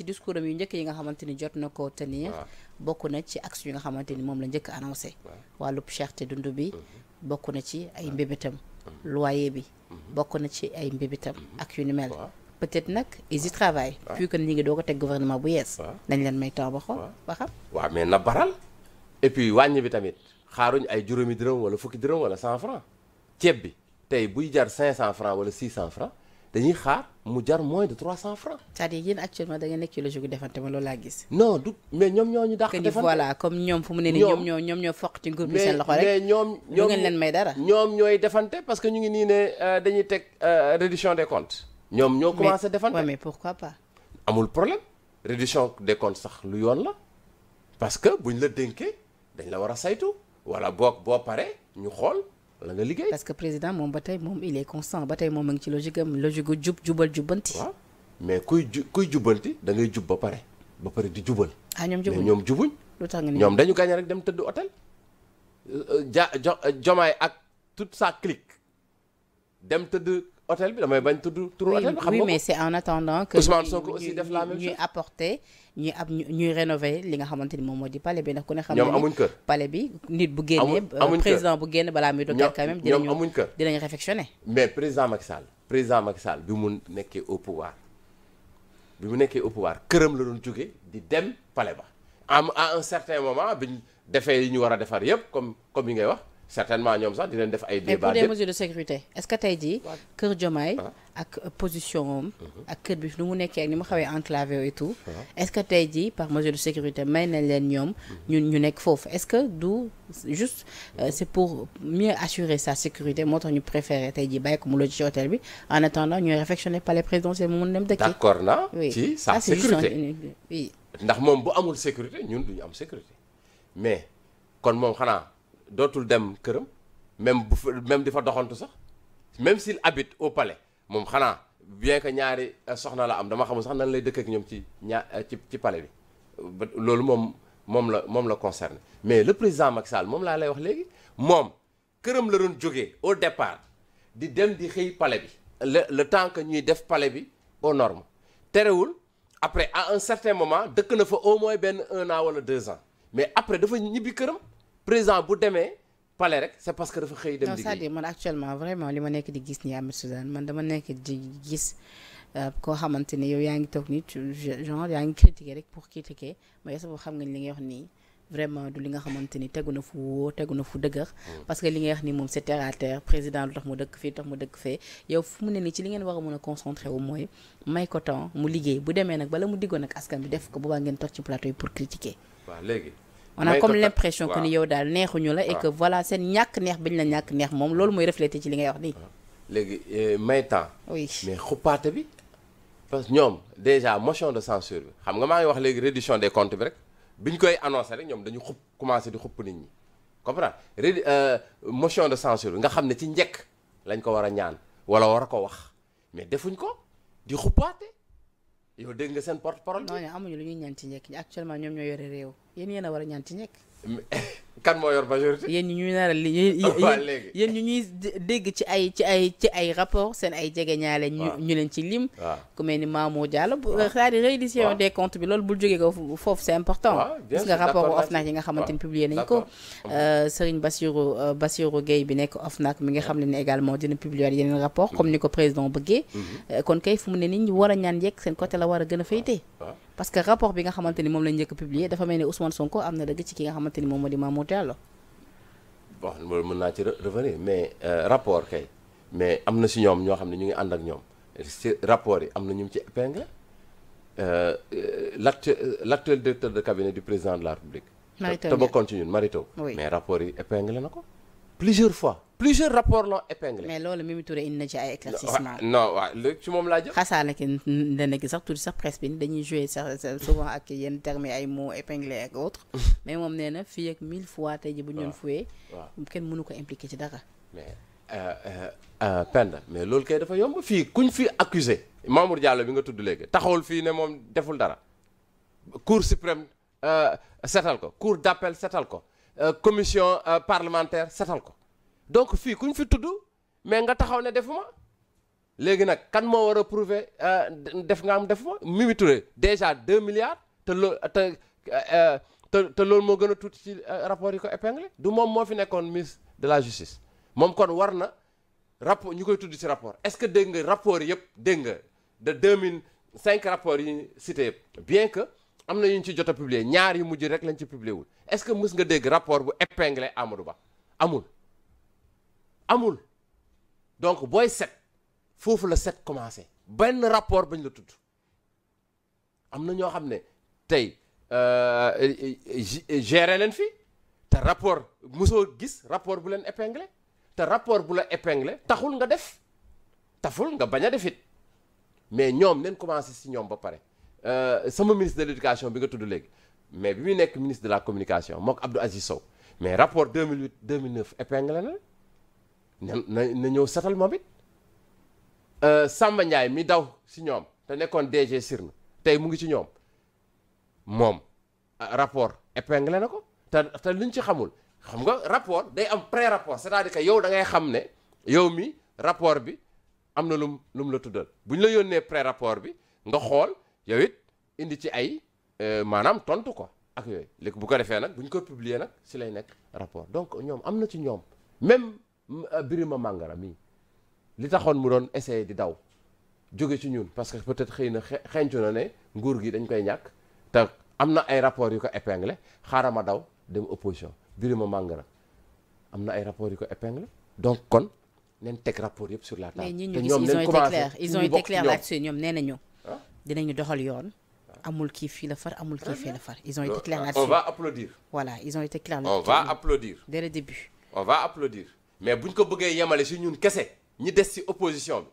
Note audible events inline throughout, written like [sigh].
ci discours yu njëkk yi nga xamante ni jot na ko tenir bokk na ci action yi nga xamante ni moom la njëkk annoncé wàllub cherté dund bi mhm. mhm. mhm. bokk na ci ay mbébétam loyer bi bokk na ci ay mbébétam ak yu ni mel peut-être nag ils y travaillent puis que ñi ngi doo ko teg gouvernement bu yees dañ leen may temps ba xool ba xam waaw mais na baral et puis wàññi bi tamit xaaruñ ay juróomi dërëm wala fukki dërëm wala cent franc ceeb bi tey buy jar cinq cent franc wala six cent franc dañuy xaar mu jar moins de 300 francs. c'est-à-dire yéen actuellement da nga nekk ci logique gu defante ma loolu laa gis. non du mais ñoom ñoo ñu dàq. defante que voilà comme ñoom fu mu ne nii ñoom ñoo ñoom ñoo foq ci nguur bi seen loxo rek mais ñoom ñoom ngeen leen may dara. ñoom ñooy defante parce que ñu ngi nii ne euh, dañuy teg euh, réduction des comptes. ñoom ñoo commencé defante mais mais pourquoi pas. amul problème réduction des comptes sax lu yoon la parce que buñ la dénkee dañ la war a saytu wala boog boo paree ñu xool. la nga liggéey. parce que président moom ba tey moom il est constant ba tey moom a ngi ci logique am logique gu jub jubal jubanti. mais kuy kuy jubanti da ngay jub ba pare ba pare di jubal. ah ñoom jubuñ ñoom jubuñ. lu tax nga ni ñoom dañu gagné rek dem tëdd hôtel. Euh, euh, ja euh, Jomaay ak toute sa clique dem tëdd hôtel bi damay bañ tudd turu hôtel bi xam nga oui mais c'est en attendant que aussi def la même ñuy apporter ñuy li nga xamante ni moom moo di pale bi ndax ku ne xam ñoom amuñ kër pale bi nit bu génnee président bu génn balaa muy dogal quand même dinañu amuñ kër dinañu réfectionner mais président Macky Sall président Macky Sall bi mu nekkee au pouvoir bi mu nekkee au pouvoir këram la doon jóge di dem pale ba am à un certain moment biñ defee yi ñu war a defar yëpp comme comme yi ngay wax certainement ñoom sax dinañ def ay. débat pour des mesures de sécurité est-ce ah. position am. Mhm. ak kër bi nu mu nekkee ak ni mu xawee enclavé et tout. Ah. est-ce que tey jii par mesure de sécurité may nañ leen ñoom. ñun ñu nekk foofu est-ce que du juste euh, c'est pour mieux assurer sa sécurité moo tax ñu préférer tey jii bàyyi ko mu logé ci hôtel bi en attendant ñuy réfectionner palais présidentiel mu mun dem dëkk. d'accord na ci sa ah, sécurité oui ndax moom bu amul sécurité ñun ñu am sécurité mais dootul dem këram même bu fa même di fa doxantu sax même s'il habite au pale moom xanaa bien que ñaari euh, soxna la am dama xamul sax nan lay dëkk ak ñoom ci ñaar euh, ci ci palais bi loolu moom moom la moom la conserne mais le président Macky Sall moom laa lay wax léegi moom këram la doon jóge au départ di dem di xëy pale bi le le temps que ñuy def pale bi aux normes terewul après à un certain moment dëkk na fa au moins benn un an wala deux ans mais après dafa ñibbi këram président bu demee palais rek c'est parce que dafa xëy dem liggéey c'est-à-dire man actuellement vraiment li ma nekk di gis nii Ahmed Suzane man dama nekk di gis euh, koo xamante ne yow yaa ngi toog nii genre yaa ngi critiquer rek pour critiquer mais est-ce xam nga li nga wax nii vraiment du li nga xamante ni tegu na fu woo tegu na fu dëgër hmm. parce que li nga wax ni moom c'est terre à terre président lu tax mu dëkk fii tax mu dëkk fee yow fu mu ne nii ci li ngeen wax a a concentré wu mooy may ko temps mu liggéey bu demee nag bala mu diggoon nag askan bi def ko boobaa ngeen toog ci plateau yi pour critiquer waaw on a comme l'impression que ni yow daal neexuñu la et que voilà seen ñàkk neex bañ la ñàkk neex moom loolu mooy reflété ci li ngay wax nii léegi euh, may temps oui mais xuppaate bi parce que ñoom déjà motion de censure bi xam nga maa wax léegi réduction des comptes bi rek bi rek ñoom dañu xupp commencé di xupp nit ñi comprendre rédi euh, motion de censure bi nga xam ne ci njëkk lañ ko war a ñaan wala war a ko wax mais defuñ ko di xuppaate yow dégg nga seen porte parole. non amuñu lu ñuy ñaan ci njëkk actuellement ñoom ñoo yore réew yéen yéen a war [laughs] kan moo yor majorité. yéen ñi ñuy naan li ah, yéen ñu ñuy dégg ci ay ci ay ci ay rapport seen ay jege jegeñaale. ñu ah. ñu leen ci lim. Ah. ku mel ni Mamour Diallo. waaw c'est-à-dire des comptes bi loolu bul jógee ko foofu c'est important. gis nga rapport OFNAC yi nga xamante ni publié nañ ko. Euh, Serigne Bassirou euh, Bassirou Gueye bi nekk OFNAC mi nga xam ne ne également dina publier yeneen rapport comme mm-hmm. ni ko président bëggee. Mm-hmm. Euh, kon kay fu mu ne nit ñu war a ñaan yegg seen côté la war a gën a faytee. parce que rapport bi nga xamante ni moom lañ njëkk publier dafa mel ni Ousmane Sonko am na dëgg ci ki nga xamante ni moom moo di Mamour Diallo bon loolu mën naa ci revenir mais euh, rapport kay mais am na si ñoom ñoo xam ne ñu ngi ànd ak ñoom si rapport yi am na ñu ci épingle euh, euh, l'actuel l'actuel directeur de cabinet du président de la République te bokkoon ci ñun Mary mais rapport yi épingle na ko plusieurs fois plusieurs rapports l'ont épinglé. mais loolu Mimi Touré moom laa jëm. xasaale ki dana ki sax tuuti sax presse bi dañuy jouer sax souvent ak yenn termes ay mots épinglés ak autres [laughs] mais moom nee na fii ak mille fois tey ji bu ñu doon fuyee. kenn mënu ko impliqué ci dara. mais euh, euh, euh, Penda mais loolu kay dafa yomb fii kuñ fi accusé Mamour Diallo bi nga tudd léegi taxawul fii ne moom deful dara cour suprême setal ko cour d'appel setal ko. Euh, commission euh, parlementaire setal ko donc fii ku ñu fi tudd mais nga taxaw ne defuma léegi nag kan moo war a prouver euh, def nga am defuma Mimi Touré déjà deux milliards te loo te te te loolu moo gën a tuuti ci rapport yi ko épinglé du moom moo fi nekkoon ministre de la justice moom kon war na rapport ñu koy tudd ci rapport est-ce que dégg nga rapport yëpp dégg nga de 2005 rapport yi ñu cité bien que am na yu ñu ci jot a publier ñaar yu mujj rek lañ ci publier wul est-ce que mës nga dégg rapport bu épinglé Amadou amul amul donc booy set foofu la set commencé benn rapport bañ la tudd am na ñoo xam ne tey euh, géré leen fi te rapport mosoo gis rapport bu leen épinglé te rapport bu la épinglé taxul nga def taful nga bañ a mais ñoom neen commencé si ñoom ba pare Euh, sama ministre de l' éducation bi nga tudd léegi mais bi muy nekk ministre de la communication mook Abdou Aziz Sow mais rapport 2008 2009 épingle na na na ñëw satal moom it euh, Samba Ndiaye mi daw si ñoom te nekkoon DG Sirna tey mu ngi ci ñoom moom euh, rapport épingle na ko te te luñ ci xamul xam nga rapport day am pré rapport c'est-à-dire yow dangay xam ne yow mi rapport bi am na lu lum lum la tuddal bu ñu la yónnee pré rapport bi nga xool yow it indi ci ay euh, maanaam tontu ko ak yooyu léegi bu ko defee nag bu ñu ko publier nag si lay nekk rapport donc ñoom am na ci ñoom même euh, Birima Mangara mii li taxoon mu doon essayer di daw jóge ci ñun parce que peut-être xëy na xencu na ne nguur gi dañ koy ñàkk te am na ay rapport yu ko épinglé xaaral ma daw dem opposition Birima Mangara am na ay rapport yu ko épinglé donc kon neen teg rapport yëpp sur la table. te ñoom neen commencé mais ñi nañu. dinañu doxal yoon. Ah. amul kii fii la far amul kii fii la far. ils ont été ah. clairs là-dessus on va applaudir. voilà ils ont été clairs là-dessus on va applaudir. dès le début. on va applaudir mais buñ ko bëggee yemale si ñun kese ñi des si opposition bi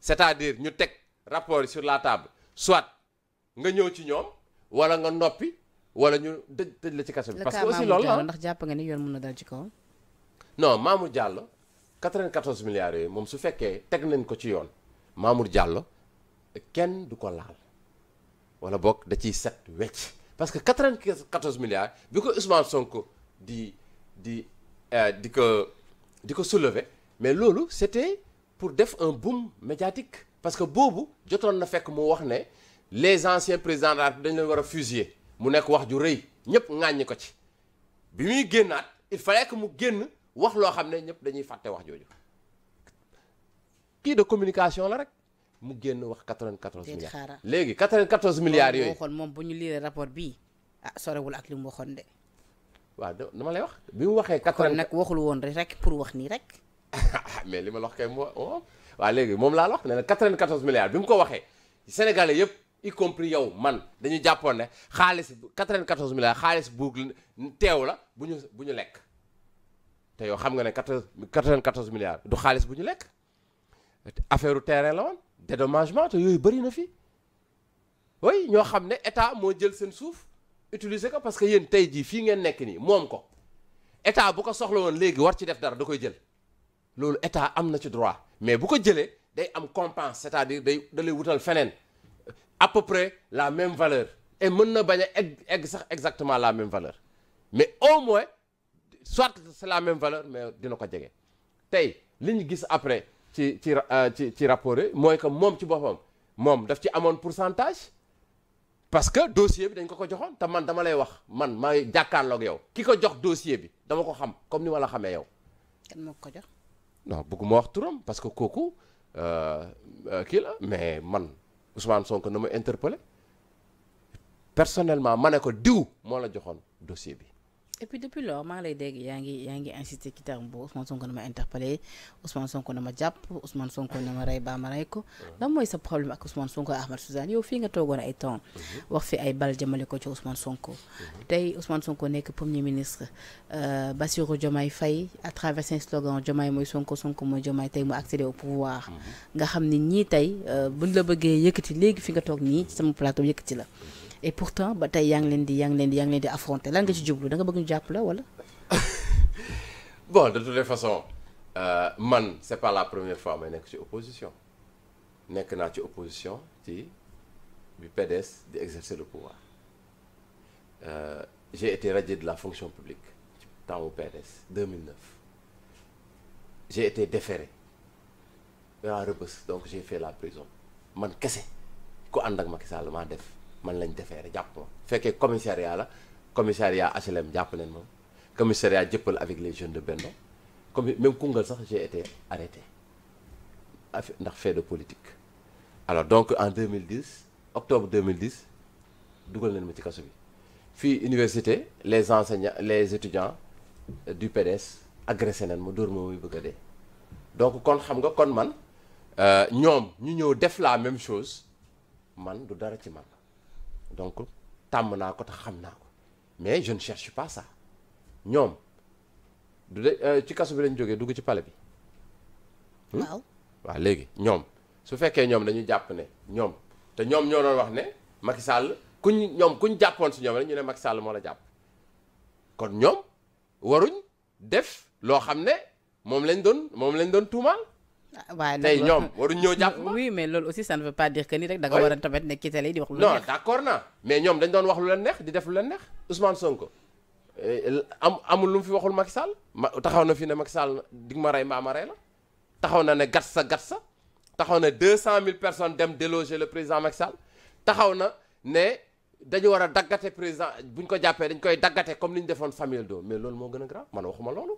c'est-à-dire ñu teg rapport sur la table soit nga ñëw ci ñoom wala nga noppi wala ñu dëj dëj la ci kaso bi. parce que aussi loolu la ah. ndax jàpp nga ni yoon mën na dal ci kaw. non Mamour Diallo 94 milliards yooyu moom su fekkee teg nañ ko ci yoon Mamour Diallo. kenn du ko laal wala bokk da ciy set wecc parce que 94 milliards bi ko Ousmane Sonko di di euh, di ko di ko soulever mais loolu c'était pour def un boom médiatique parce que boobu jotoon na fekk mu wax ne les anciens présidents dañ leen war a fusiller mu nekk wax ju rëy ñëpp ŋàññi ko ci bi muy génnaat il fa que mu génn wax loo xam ne ñëpp dañuy fàtte wax jooju kii de communication la rek mu génn wax 94 milliards xaaral léegi 94 milliards yooyu. waxoon moom bu ñu lire rapport bii ah sorewul ak li mu waxoon de. waaw dama lay wax bi mu waxee. 94 kon nag waxul woon rek pour wax nii rek. [laughs] mais li ma la wax kay moom waaw léegi moom laa la wax ne la 94 milliards bi mu ko waxee Sénégalais yëpp y compris yow man dañu jàppoon ne xaalis 94 milliards xaalis buug teew la bu ñu bu ñu lekk te yow xam nga ne 94 milliards du xaalis bu ñu lekk affaire terrain la woon. dédommagement te yooyu bëri na fi way ñoo xam ne état moo jël seen suuf utiliser ko parce que yéen tey jii fii ngeen nekk nii moom ko état bu ko soxla woon léegi war ci def dara da koy jël loolu état am na ci droit mais bu ko jëlee day am compense c'est-à-dire day da lay wutal feneen à peu près la même valeur et mën na bañ a egg egg sax exactement la même valeur mais au moins soit c'est la même valeur mais dina ko jege tey li ñu gis après ci ci euh, ci ci rapport mooy que moom ci boppam moom daf ci amoon pourcentage parce que dossier bi dañ ko ko joxoon te man dama lay wax man maa ngi jàkkaarloog yow ki ko jox dossier bi dama ko xam comme ni ma la xamee yow. kan moo ko jox. non bëgguma wax turam parce que kooku euh, euh, kii la mais man Ousmane Sonko na ma interpellé personnellement ma ne ko diw moo la joxoon dossier bi. et puis depuis lors maa lay dégg yaa ngi yaa ngi insisté ci terme boobu Ousmane Sonko na ma interpellé Ousmane Sonko na ma jàpp Ousmane Sonko na ma rey ba ma rey ko lan mooy sa problème ak Ousmane Sonko ak Ahmed Suzanne yow fii nga toogoon ay temps mhm. wax fi ay bal jëmale ko ci Ousmane Sonko mhm. tey Ousmane Sonko nekk premier ministre euh, Bassirou Diomaye Faye à travers seen slogan Diomaye mooy Sonko Sonko mooy Diomaye tey mu accédé au pouvoir mhm. nga xam ni ñii tey euh, buñ la bëggee yëkkati léegi fi nga toog nii ci sama plateau yëkkati la et pourtant ba tey yaa ngi leen di yaa ngi leen di yaa ngi leen lan nga ci jublu da nga bëgg ñu jàpp la wala. [laughs] bon de toutes les façons euh, man c'est pas la première fois may nekk ci opposition nekk naa ci opposition ci bi PDS di exercer le pouvoir euh, j'ai été de la fonction publique ci temps wu PDS 2009 j'ai été déféré à Rebeuss donc j'ai la prison man kese ku ànd ak Macky Sall maa def. man lañ defee defeere jàpp ma fekkee commissariat la commissariat HLM jàpp leen moom commissariat jëppal avec les jeunes de Benno comme même Koungheul sax j'ai été arrêté ndax fait de politique alors donc en 2010 octobre 2010 dugal nañ ma ci kaso bi fii université les enseignants les étudiants euh, du PDS agressé nañ ma dóor ma muy bëgg a donc kon xam nga kon man euh, ñoom ñu ñëw def la même chose man du dara ci man donc tàmm naa ko te xam naa ko mais jeune ne cherche pas ñoom du de euh, ci kaso bi lañ jógee dugg ci pale bi. Hmm? waaw waaw léegi ñoom su fekkee ñoom dañu jàpp ne ñoom te ñoom ñoo doon wax ne Macky Sall kuñ ñoom ku kuñ jàppoon si ñoom rek ñu ne Macky Sall moo la jàpp kon ñoom waruñ def loo xam ne moom lañ doon moom lañ doon tuumaal. Ah, waaye tey [laughs] ñoom waruñ ñëw jàpp oui mais loolu aussi ça ne veut pas dire que ni rek da nga war a tamit nekk ci télé di wax lu non d'accord na wax lu leen neex di def lu leen neex Ousmane Sonko eh, am amul lu mu fi waxul Macky Sall ma taxaw na fi ne Macky Sall dig ma rey mbaa ma rey la taxaw na ne gat sa gat sa taxaw na deux cent mille personnes dem déloger le président Macky Sall taxaw na ne dañu war a daggate président buñ ko jàppee dañ koy daggate comme ni ñu defoon moo gën a grave man waxuma loolu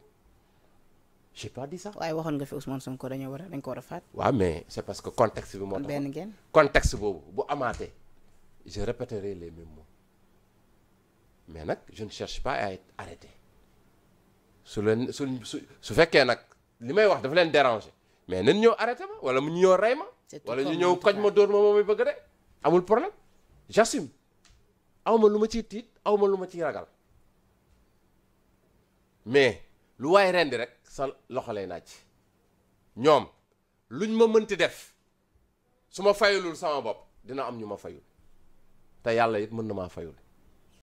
j'ai pas dit ça. waaye waxoon nga fi Ousmane Sonko dañoo war a dañ ko war a faat. waaw mais c'est parce que contexte bi moo tax boobu bu amaatee je répéterai les mêmes mots mais nag je ne cherche pas à être su leen su su su fekkee nag li may wax dafa leen déranger mais nañ ñëw arrêté ma wala mu ñu ñëw rey ma. wala ñu ñëw koj ma dóor ma moom mi bëgg de amul problème j'assume aw ma lu ma ci tiit aw ma lu ma ci ragal mais lu waay rendi rek. sa loxo lay naaj ñoom luñ ma mënti def su ma fayulul sama bopp dina am ñu ma fayul te yàlla it mën na maa fayul